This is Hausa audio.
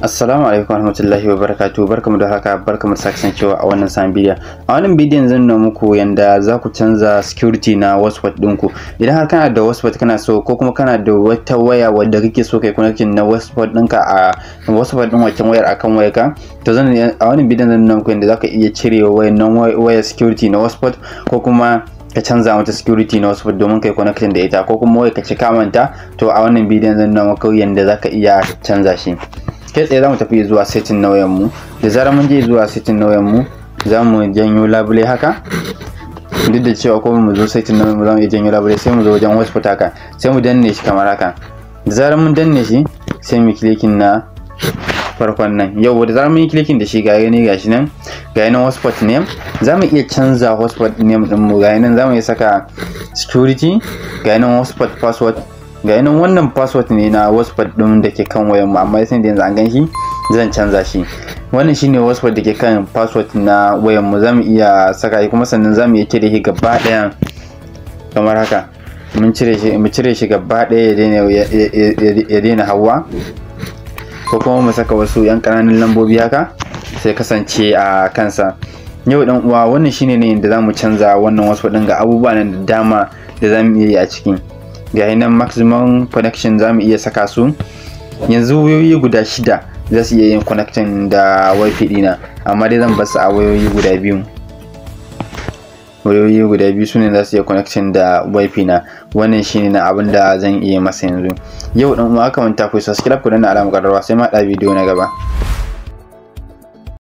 Assalamu alaikum warahmatullahi wabarakatuh barkamu da haka barkamu da cewa a wannan sabon bidiyon a wannan bidiyon zan nuna muku yanda za ku canza security na WhatsApp ɗinku idan har kana da WhatsApp kana so ko kuma kana da wata waya wadda kake so kai connecting na WhatsApp ɗinka a WhatsApp ɗin wacce wayar akan wayar ka to zan a wannan bidiyon zan nuna muku yanda za ka iya cire wayannan wayar security na WhatsApp ko kuma ka canza mata security na WhatsApp domin kai connection da ita ko kuma waya ka ci kamanta to a wannan bidiyon zan nuna muku yanda za ka iya canza shi kai tsaye za mu tafi zuwa setin na mu da zarar mun je zuwa setin na mu za mu janyo labule haka duk da cewa ko mu zo setin na mu za mu iya janyo labule sai mu zo wajen hotspot haka sai mu danne shi kamar haka da zarar mun danne shi sai mu klikin na farkon nan yau da zarar mun yi klikin da shi ga ne gashi nan ga nan hotspot name za mu iya canza hotspot name din mu ga nan za mu iya saka security ga nan hotspot password ga yanin wannan password ne na hotspot din da ke kan wayanmu amma sai da yanzu an ganshi zan canza shi wannan shi ne hotspot da ke kan password na wayanmu za mu iya saka shi kuma sannan za mu iya cire shi gaba ɗaya kamar haka mun cire shi mu cire shi gaba ɗaya ya daina ya daina hawa ko kuma mu saka wasu yan ƙananan lambobi haka sai kasance a kansa yau dan uwa wannan shine ne da za mu canza wannan hotspot din ga abubuwa da dama da za mu iya yi a cikin ga nan maximum connection za mu iya saka su yanzu wayoyi guda shida za su iya yin connection da wifi dina amma dai zan basu a wayoyi guda biyu wayoyi guda biyu su za su iya connection da wifi na wannan shine na abin da zan iya masa yanzu yau dan uwa aka manta ku subscribe ku danna alamu sai ma da bidiyo na gaba